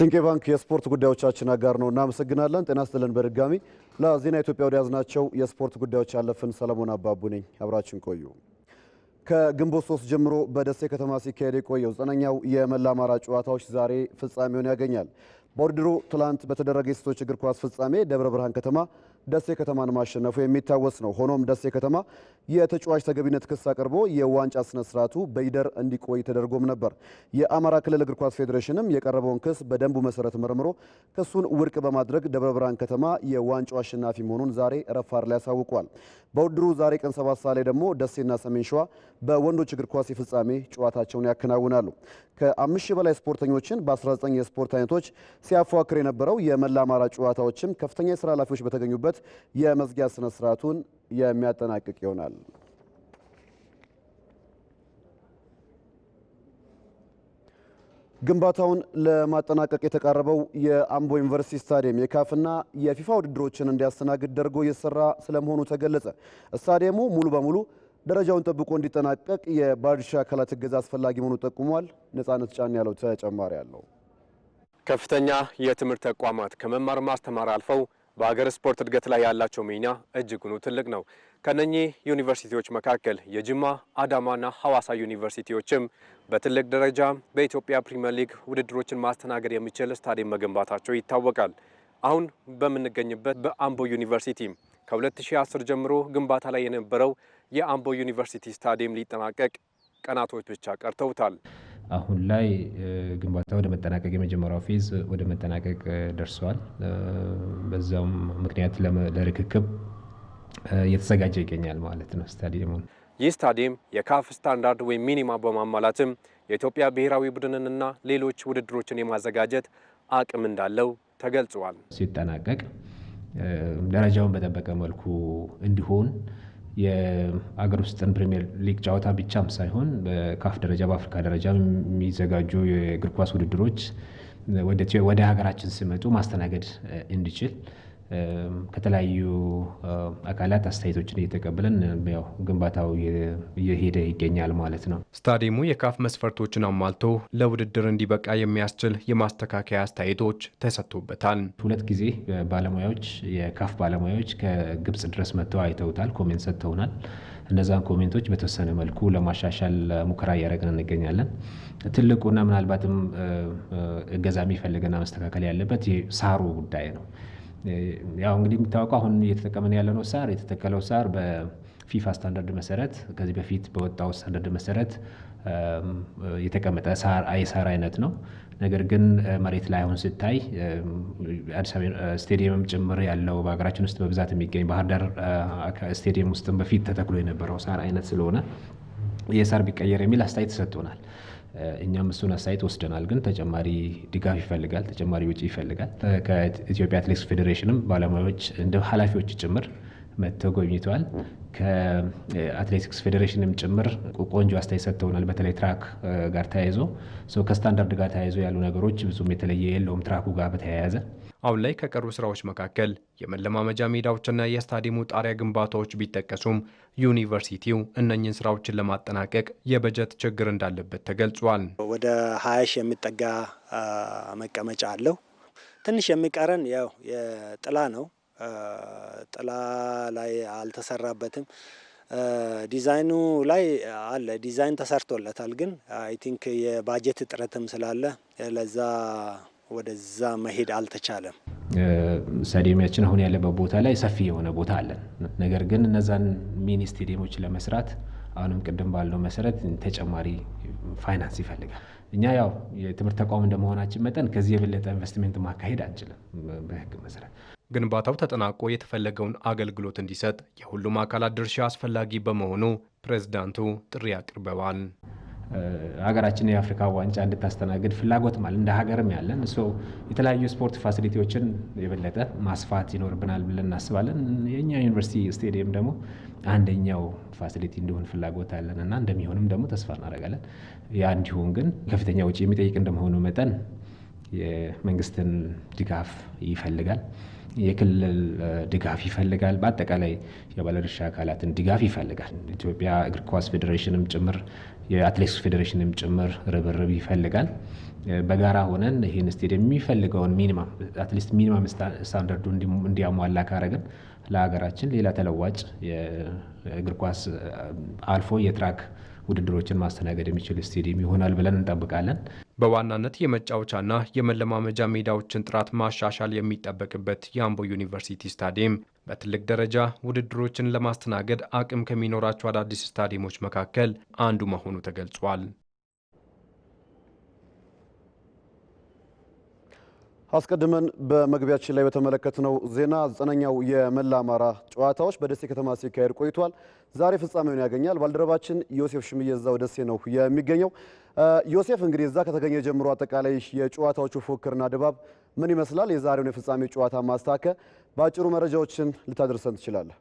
ሲንቄ ባንክ የስፖርት ጉዳዮቻችን አጋር ነው፣ እናመሰግናለን። ጤና ይስጥልን። በድጋሚ ለዜና ኢትዮጵያ ወደ ያዝናቸው የስፖርት ጉዳዮች ያለፍን። ሰለሞን አባቡ ነኝ፣ አብራችን ቆዩ። ከግንቦት ሶስት ጀምሮ በደሴ ከተማ ሲካሄድ የቆየው ዘጠነኛው የመላ አማራ ጨዋታዎች ዛሬ ፍጻሜውን ያገኛል። በውድድሩ ትላንት በተደረገ የሴቶች እግር ኳስ ፍጻሜ ደብረ ብርሃን ከተማ ደሴ ከተማን ማሸነፉ የሚታወስ ነው። ሆኖም ደሴ ከተማ የተጫዋች ተገቢነት ክስ አቅርቦ የዋንጫ ስነ ስርዓቱ በይደር እንዲቆይ ተደርጎም ነበር። የአማራ ክልል እግር ኳስ ፌዴሬሽንም የቀረበውን ክስ በደንቡ መሰረት መርምሮ ክሱን ውድቅ በማድረግ ደብረ ብርሃን ከተማ የዋንጫው አሸናፊ መሆኑን ዛሬ ረፋር ላይ አሳውቋል። በውድድሩ ዛሬ ቀን ሰባት ሰዓት ላይ ደግሞ ደሴና ሰሜን ሸዋ በወንዶች እግር ኳስ የፍጻሜ ጨዋታቸውን ያከናውናሉ። ከአምስት ሺህ በላይ ስፖርተኞችን በ19 የስፖርት አይነቶች ሲያፏክር የነበረው የመላ አማራ ጨዋታዎችም ከፍተኛ የስራ ኃላፊዎች በተገኙበት የመዝጊያ ስነ ስርዓቱን የሚያጠናቅቅ ይሆናል። ግንባታውን ለማጠናቀቅ የተቃረበው የአምቦ ዩኒቨርሲቲ ስታዲየም የካፍና የፊፋ ውድድሮችን እንዲያስተናግድ ደርጎ እየሰራ ስለመሆኑ ተገለጸ። ስታዲየሙ ሙሉ በሙሉ ደረጃውን ጠብቆ እንዲጠናቀቅ የባለድርሻ አካላት እገዛ አስፈላጊ መሆኑ ጠቁሟል። ነጻነት ጫን ያለው ተጨማሪ አለው። ከፍተኛ የትምህርት ተቋማት ከመማር ማስተማር አልፈው በሀገር ስፖርት እድገት ላይ ያላቸው ሚና እጅጉኑ ትልቅ ነው። ከነኚህ ዩኒቨርሲቲዎች መካከል የጅማ አዳማና ሐዋሳ ዩኒቨርሲቲዎችም በትልቅ ደረጃ በኢትዮጵያ ፕሪምየር ሊግ ውድድሮችን ማስተናገድ የሚችል ስታዲየም መገንባታቸው ይታወቃል። አሁን በምንገኝበት በአምቦ ዩኒቨርሲቲ ከ2010 ጀምሮ ግንባታ ላይ የነበረው የአምቦ ዩኒቨርሲቲ ስታዲየም ሊጠናቀቅ ቀናቶች ብቻ ቀርተውታል። አሁን ላይ ግንባታ ወደ መጠናቀቅ የመጀመሪያው ፌዝ ወደ መጠናቀቅ ደርሷል። በዛም ምክንያት ለርክክብ እየተዘጋጀ ይገኛል ማለት ነው ስታዲየሙን። ይህ ስታዲየም የካፍ ስታንዳርድ ወይም ሚኒማ በማሟላትም የኢትዮጵያ ብሔራዊ ቡድንንና ሌሎች ውድድሮችን የማዘጋጀት አቅም እንዳለው ተገልጿል። ሲጠናቀቅ ደረጃውን በጠበቀ መልኩ እንዲሆን የአገር ውስጥን ፕሪሚየር ሊግ ጨዋታ ብቻም ሳይሆን በካፍ ደረጃ በአፍሪካ ደረጃ የሚዘጋጁ የእግር ኳስ ውድድሮች ወደ ሀገራችን ሲመጡ ማስተናገድ እንዲችል ከተለያዩ አካላት አስተያየቶችን እየተቀበለን ያው ግንባታው እየሄደ ይገኛል ማለት ነው። ስታዲየሙ የካፍ መስፈርቶችን አሟልቶ ለውድድር እንዲበቃ የሚያስችል የማስተካከያ አስተያየቶች ተሰጥቶበታል። ሁለት ጊዜ ባለሙያዎች የካፍ ባለሙያዎች ከግብጽ ድረስ መጥተው አይተውታል፣ ኮሜንት ሰጥተውናል። እነዛን ኮሜንቶች በተወሰነ መልኩ ለማሻሻል ሙከራ እያደረግን እንገኛለን። ትልቁና ምናልባትም እገዛ የሚፈልግና መስተካከል ያለበት ሳሩ ጉዳይ ነው። ያው እንግዲህ የሚታወቀው አሁን እየተጠቀመን ያለነው ሳር የተተከለው ሳር በፊፋ ስታንዳርድ መሰረት ከዚህ በፊት በወጣው ስታንዳርድ መሰረት የተቀመጠ የሳር አይነት ነው። ነገር ግን መሬት ላይ አሁን ስታይ አዲስ ስቴዲየምም ጭምር ያለው በሀገራችን ውስጥ በብዛት የሚገኝ ባህር ዳር ስቴዲየም ውስጥም በፊት ተተክሎ የነበረው ሳር አይነት ስለሆነ ሳር ቢቀየር የሚል አስተያየት ተሰጥቶናል። እኛም እሱን አስተያየት ወስደናል። ግን ተጨማሪ ድጋፍ ይፈልጋል፣ ተጨማሪ ውጪ ይፈልጋል። ከኢትዮጵያ አትሌቲክስ ፌዴሬሽንም ባለሙያዎች እንደ ኃላፊዎች ጭምር መጥተው ጎብኝተዋል። ከአትሌቲክስ ፌዴሬሽንም ጭምር ቆንጆ አስተያየት ሰጥተውናል። በተለይ ትራክ ጋር ተያይዞ ከስታንዳርድ ጋር ተያይዞ ያሉ ነገሮች ብዙም የተለየ የለውም ትራኩ ጋር በተያያዘ አሁን ላይ ከቀሩ ስራዎች መካከል የመለማመጃ ሜዳዎችና የስታዲየሙ ጣሪያ ግንባታዎች ቢጠቀሱም ዩኒቨርሲቲው እነኝን ስራዎችን ለማጠናቀቅ የበጀት ችግር እንዳለበት ተገልጿል። ወደ ሀያ ሺ የሚጠጋ መቀመጫ አለው። ትንሽ የሚቀረን ያው የጥላ ነው። ጥላ ላይ አልተሰራበትም። ዲዛይኑ ላይ አለ፣ ዲዛይን ተሰርቶለታል። ግን አይ ቲንክ የባጀት እጥረትም ስላለ ለዛ ወደዛ መሄድ አልተቻለም። ስታዲየማችን አሁን ያለበት ቦታ ላይ ሰፊ የሆነ ቦታ አለን። ነገር ግን እነዛን ሚኒ ስታዲየሞች ለመስራት አሁንም ቅድም ባለው መሰረት ተጨማሪ ፋይናንስ ይፈልጋል። እኛ ያው የትምህርት ተቋም እንደመሆናችን መጠን ከዚህ የበለጠ ኢንቨስትሜንት ማካሄድ አንችልም በህግ መሰረት። ግንባታው ተጠናቆ የተፈለገውን አገልግሎት እንዲሰጥ የሁሉም አካላት ድርሻ አስፈላጊ በመሆኑ ፕሬዝዳንቱ ጥሪ አቅርበዋል። ሀገራችን የአፍሪካ ዋንጫ እንድታስተናግድ ፍላጎትም ማለት እንደ ሀገርም ያለን የተለያዩ ስፖርት ፋሲሊቲዎችን የበለጠ ማስፋት ይኖርብናል ብለን እናስባለን። የኛ ዩኒቨርሲቲ ስቴዲየም ደግሞ አንደኛው ፋሲሊቲ እንዲሆን ፍላጎት አለን እና እንደሚሆንም ደግሞ ተስፋ እናደርጋለን። ያ እንዲሆን ግን ከፍተኛ ውጪ የሚጠይቅ እንደመሆኑ መጠን የመንግስትን ድጋፍ ይፈልጋል፣ የክልል ድጋፍ ይፈልጋል፣ በአጠቃላይ የባለድርሻ አካላትን ድጋፍ ይፈልጋል። ኢትዮጵያ እግር ኳስ ፌዴሬሽንም ጭምር የአትሌቲክስ ፌዴሬሽንም ጭምር ርብርብ ይፈልጋል። በጋራ ሆነን ይህን ስቴዲየም የሚፈልገውን ሚኒማም አትሊስት ሚኒማም ስታንዳርዱ እንዲያሟላ ካረግን ለሀገራችን ሌላ ተለዋጭ የእግር ኳስ አልፎ የትራክ ውድድሮችን ማስተናገድ የሚችል ስቴዲየም ይሆናል ብለን እንጠብቃለን። በዋናነት የመጫወቻና የመለማመጃ ሜዳዎችን ጥራት ማሻሻል የሚጠበቅበት የአምቦ ዩኒቨርሲቲ ስታዲየም በትልቅ ደረጃ ውድድሮችን ለማስተናገድ አቅም ከሚኖራቸው አዳዲስ ስታዲየሞች መካከል አንዱ መሆኑ ተገልጿል። አስቀድመን በመግቢያችን ላይ በተመለከትነው ዜና ዘጠነኛው የመላ አማራ ጨዋታዎች በደሴ ከተማ ሲካሄድ ቆይቷል። ዛሬ ፍጻሜውን ያገኛል። ባልደረባችን ዮሴፍ ሽምዬ እዛው ደሴ ነው የሚገኘው። ዮሴፍ እንግዲህ እዛ ከተገኘ ጀምሮ አጠቃላይ የጨዋታዎቹ ፉክክርና ድባብ ምን ይመስላል? የዛሬውን የፍጻሜ ጨዋታ ማስታከ በአጭሩ መረጃዎችን ልታደርሰን ትችላለህ?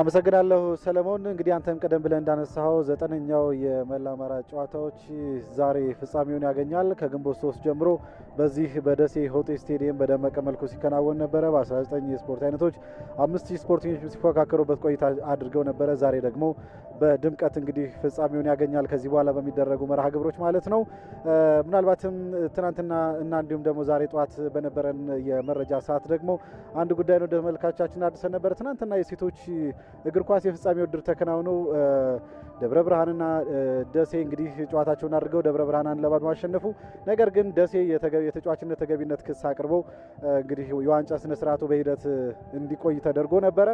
አመሰግናለሁ ሰለሞን። እንግዲህ አንተም ቀደም ብለን እንዳነሳኸው ዘጠነኛው የመላ አማራ ጨዋታዎች ዛሬ ፍጻሜውን ያገኛል። ከግንቦት ሶስት ጀምሮ በዚህ በደሴ ሆቴ ስቴዲየም በደመቀ መልኩ ሲከናወን ነበረ። በ19 የስፖርት አይነቶች አምስት ስፖርተኞች ሲፎካከሩበት ቆይታ አድርገው ነበረ። ዛሬ ደግሞ በድምቀት እንግዲህ ፍጻሜውን ያገኛል። ከዚህ በኋላ በሚደረጉ መርሃ ግብሮች ማለት ነው። ምናልባትም ትናንትና እና እንዲሁም ደግሞ ዛሬ ጠዋት በነበረን የመረጃ ሰዓት ደግሞ አንድ ጉዳይ ነው ተመልካቻችን አድርሰን ነበረ። ትናንትና የሴቶች እግር ኳስ የፍጻሜ ውድድር ተከናውነው ደብረ ብርሃንና ደሴ እንግዲህ ጨዋታቸውን አድርገው ደብረ ብርሃን አንድ ለባዶ ማሸነፉ፣ ነገር ግን ደሴ የተጫዋችነት ተገቢነት ክስ አቅርቦ እንግዲህ የዋንጫ ስነ ስርዓቱ በሂደት እንዲቆይ ተደርጎ ነበረ።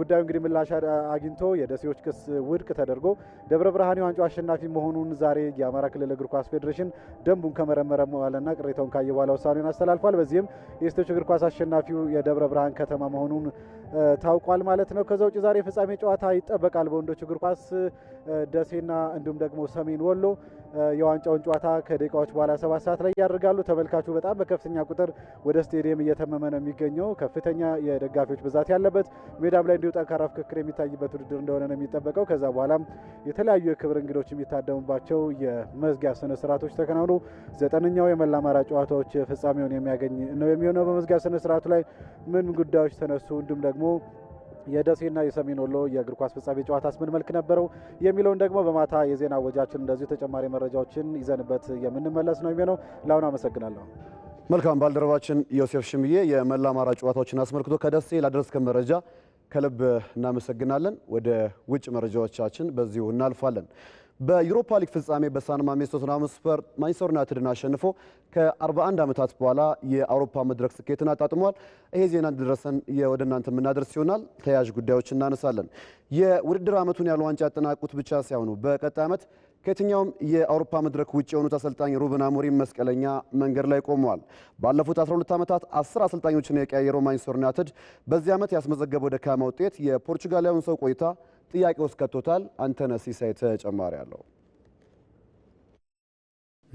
ጉዳዩ እንግዲህ ምላሽ አግኝቶ የደሴዎች ክስ ውድቅ ተደርጎ ደብረ ብርሃን የዋንጫው አሸናፊ መሆኑን ዛሬ የአማራ ክልል እግር ኳስ ፌዴሬሽን ደንቡን ከመረመረ በኋላና ቅሬታውን ካየ በኋላ ውሳኔውን አስተላልፏል። በዚህም የሴቶች እግር ኳስ አሸናፊው የደብረ ብርሃን ከተማ መሆኑን ታውቋል ማለት ነው። ከዛው ውጭ ዛሬ ፍጻሜ ጨዋታ ይጠበቃል። በወንዶች እግር ኳስ ደሴና እንዲሁም ደግሞ ሰሜን ወሎ የዋንጫውን ጨዋታ ከደቂቃዎች በኋላ ሰባት ሰዓት ላይ ያደርጋሉ። ተመልካቹ በጣም በከፍተኛ ቁጥር ወደ ስቴዲየም እየተመመ ነው የሚገኘው። ከፍተኛ የደጋፊዎች ብዛት ያለበት ሜዳም ላይ እንዲሁ ጠንካራ ፍክክር የሚታይበት ውድድር እንደሆነ ነው የሚጠበቀው። ከዛ በኋላም የተለያዩ የክብር እንግዶች የሚታደሙባቸው የመዝጊያ ስነ ስርዓቶች ተከናውኑ ዘጠነኛው የመላ አማራ ጨዋታዎች ፍጻሜውን የሚያገኝ ነው የሚሆነው። በመዝጊያ ስነ ስርዓቱ ላይ ምን ጉዳዮች ተነሱ እንዲሁም ደግሞ የደሴና የሰሜን ወሎ የእግር ኳስ ፍጻሜ ጨዋታስ ምን መልክ ነበረው የሚለውን ደግሞ በማታ የዜና ወጃችን እንደዚሁ ተጨማሪ መረጃዎችን ይዘንበት የምንመለስ ነው የሚሆነው። ለአሁኑ አመሰግናለሁ። መልካም ባልደረባችን ዮሴፍ ሽምዬ የመላ አማራ ጨዋታዎችን አስመልክቶ ከደሴ ላደረስከን መረጃ ከልብ እናመሰግናለን። ወደ ውጭ መረጃዎቻችን በዚሁ እናልፋለን። በዩሮፓ ሊግ ፍጻሜ በሳን ማሜስ ቶተንሃም ስፐር ማንቸስተር ዩናይትድን አሸንፎ ከ41 ዓመታት በኋላ የአውሮፓ መድረክ ስኬትን አጣጥሟል። ይሄ ዜና እንደደረሰን ወደ እናንተ የምናደርስ ይሆናል። ተያያዥ ጉዳዮች እናነሳለን። የውድድር ዓመቱን ያለ ዋንጫ ያጠናቁት ብቻ ሳይሆኑ በቀጣይ ዓመት ከየትኛውም የአውሮፓ መድረክ ውጭ የሆኑት አሰልጣኝ ሩበን አሞሪም መስቀለኛ መንገድ ላይ ቆመዋል። ባለፉት 12 ዓመታት 10 አሰልጣኞችን የቀያየረው ማንቸስተር ዩናይትድ በዚህ ዓመት ያስመዘገበው ደካማ ውጤት የፖርቹጋላዊውን ሰው ቆይታ ጥያቄ ውስጥ ከቶታል። አንተነህ ሲሳይ ተጨማሪ አለው።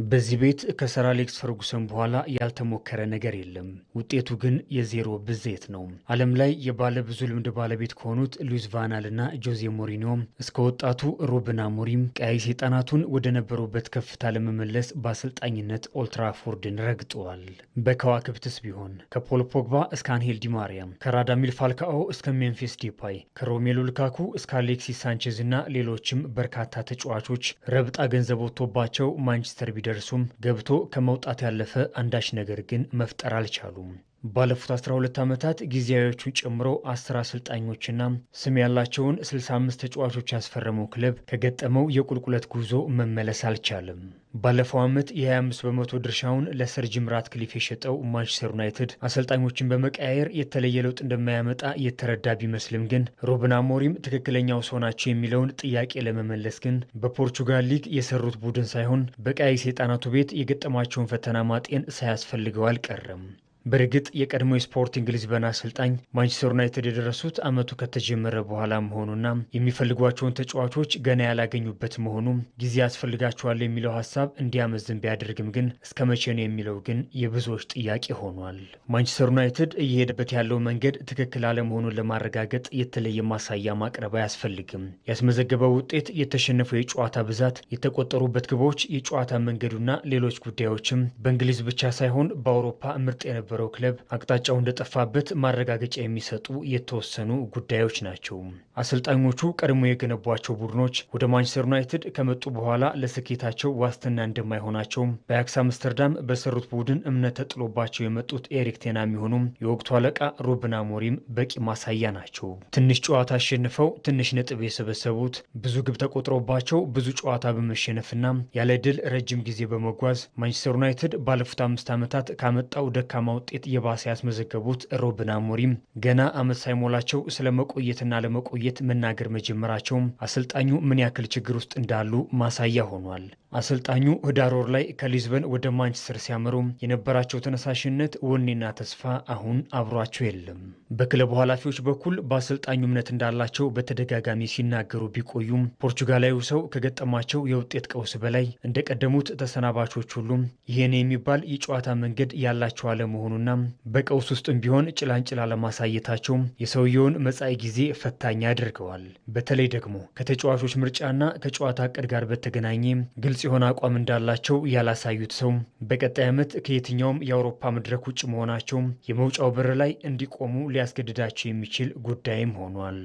በዚህ ቤት ከሰር አሌክስ ፈርጉሰን በኋላ ያልተሞከረ ነገር የለም። ውጤቱ ግን የዜሮ ብዜት ነው። ዓለም ላይ የባለ ብዙ ልምድ ባለቤት ከሆኑት ሉዊስ ቫናልና ጆዜ ሞሪኒዮ እስከ ወጣቱ ሩበን አሞሪም ቀያይ ሰይጣናቱን ወደ ነበሩበት ከፍታ ለመመለስ በአሰልጣኝነት ኦልትራፎርድን ረግጠዋል። በከዋክብትስ ቢሆን ከፖል ፖግባ እስከ አንሄል ዲማርያም፣ ከራዳሚል ፋልካኦ እስከ ሜምፊስ ዴፓይ፣ ከሮሜሎ ልካኩ እስከ አሌክሲስ ሳንቼዝ እና ሌሎችም በርካታ ተጫዋቾች ረብጣ ገንዘብ ወጥቶባቸው ማንቸስተር ቢደርሱም ገብቶ ከመውጣት ያለፈ አንዳች ነገር ግን መፍጠር አልቻሉም። ባለፉት 12 ዓመታት ጊዜያዊዎቹ ጨምሮ አስር አሰልጣኞችና ስም ያላቸውን 65 ተጫዋቾች ያስፈረመው ክለብ ከገጠመው የቁልቁለት ጉዞ መመለስ አልቻለም። ባለፈው ዓመት የ25 በመቶ ድርሻውን ለሰር ጂም ራትክሊፍ የሸጠው ማንቸስተር ዩናይትድ አሰልጣኞችን በመቀያየር የተለየ ለውጥ እንደማያመጣ የተረዳ ቢመስልም ግን ሩበን አሞሪም ትክክለኛው ሰው ናቸው የሚለውን ጥያቄ ለመመለስ ግን በፖርቹጋል ሊግ የሰሩት ቡድን ሳይሆን በቀያይ ሰይጣናቱ ቤት የገጠማቸውን ፈተና ማጤን ሳያስፈልገው አልቀረም። በእርግጥ የቀድሞ የስፖርቲንግ ሊዝበን አሰልጣኝ ማንቸስተር ዩናይትድ የደረሱት ዓመቱ ከተጀመረ በኋላ መሆኑና የሚፈልጓቸውን ተጫዋቾች ገና ያላገኙበት መሆኑ ጊዜ ያስፈልጋቸዋል የሚለው ሀሳብ እንዲያመዝን ቢያደርግም ግን እስከ መቼ ነው የሚለው ግን የብዙዎች ጥያቄ ሆኗል። ማንቸስተር ዩናይትድ እየሄደበት ያለው መንገድ ትክክል አለመሆኑን ለማረጋገጥ የተለየ ማሳያ ማቅረብ አያስፈልግም። ያስመዘገበው ውጤት፣ የተሸነፈው የጨዋታ ብዛት፣ የተቆጠሩበት ግቦች፣ የጨዋታ መንገዱና ሌሎች ጉዳዮችም በእንግሊዝ ብቻ ሳይሆን በአውሮፓ ምርጥ የነበሩ የነበረው ክለብ አቅጣጫው እንደጠፋበት ማረጋገጫ የሚሰጡ የተወሰኑ ጉዳዮች ናቸው። አሰልጣኞቹ ቀድሞ የገነቧቸው ቡድኖች ወደ ማንቸስተር ዩናይትድ ከመጡ በኋላ ለስኬታቸው ዋስትና እንደማይሆናቸውም በአያክስ አምስተርዳም በሰሩት ቡድን እምነት ተጥሎባቸው የመጡት ኤሪክ ቴና የሚሆኑም የወቅቱ አለቃ ሩበን አሞሪም በቂ ማሳያ ናቸው። ትንሽ ጨዋታ አሸንፈው ትንሽ ነጥብ የሰበሰቡት ብዙ ግብ ተቆጥሮባቸው ብዙ ጨዋታ በመሸነፍና ያለ ድል ረጅም ጊዜ በመጓዝ ማንቸስተር ዩናይትድ ባለፉት አምስት ዓመታት ካመጣው ደካማ ውጤት የባሰ ያስመዘገቡት ሮብን አሞሪም ገና ዓመት ሳይሞላቸው ስለ መቆየትና ለመቆየት መናገር መጀመራቸው አሰልጣኙ ምን ያክል ችግር ውስጥ እንዳሉ ማሳያ ሆኗል። አሰልጣኙ ህዳር ወር ላይ ከሊዝበን ወደ ማንቸስተር ሲያመሩ የነበራቸው ተነሳሽነት፣ ወኔና ተስፋ አሁን አብሯቸው የለም። በክለቡ ኃላፊዎች በኩል በአሰልጣኙ እምነት እንዳላቸው በተደጋጋሚ ሲናገሩ ቢቆዩም ፖርቹጋላዊው ሰው ከገጠማቸው የውጤት ቀውስ በላይ እንደቀደሙት ተሰናባቾች ሁሉም ይህን የሚባል የጨዋታ መንገድ ያላቸው አለመሆኑ መሆኑና በቀውስ ውስጥም ቢሆን ጭላንጭላ ለማሳየታቸው የሰውየውን መጻኢ ጊዜ ፈታኝ አድርገዋል። በተለይ ደግሞ ከተጫዋቾች ምርጫና ከጨዋታ እቅድ ጋር በተገናኘ ግልጽ የሆነ አቋም እንዳላቸው ያላሳዩት ሰው በቀጣይ ዓመት ከየትኛውም የአውሮፓ መድረክ ውጭ መሆናቸው የመውጫው በር ላይ እንዲቆሙ ሊያስገድዳቸው የሚችል ጉዳይም ሆኗል።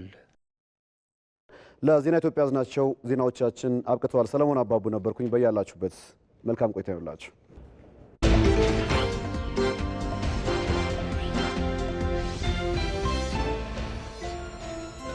ለዜና ኢትዮጵያ ያዝናቸው ዜናዎቻችን አብቅተዋል። ሰለሞን አባቡ ነበርኩኝ። በያላችሁበት መልካም ቆይታ ይሁንላችሁ።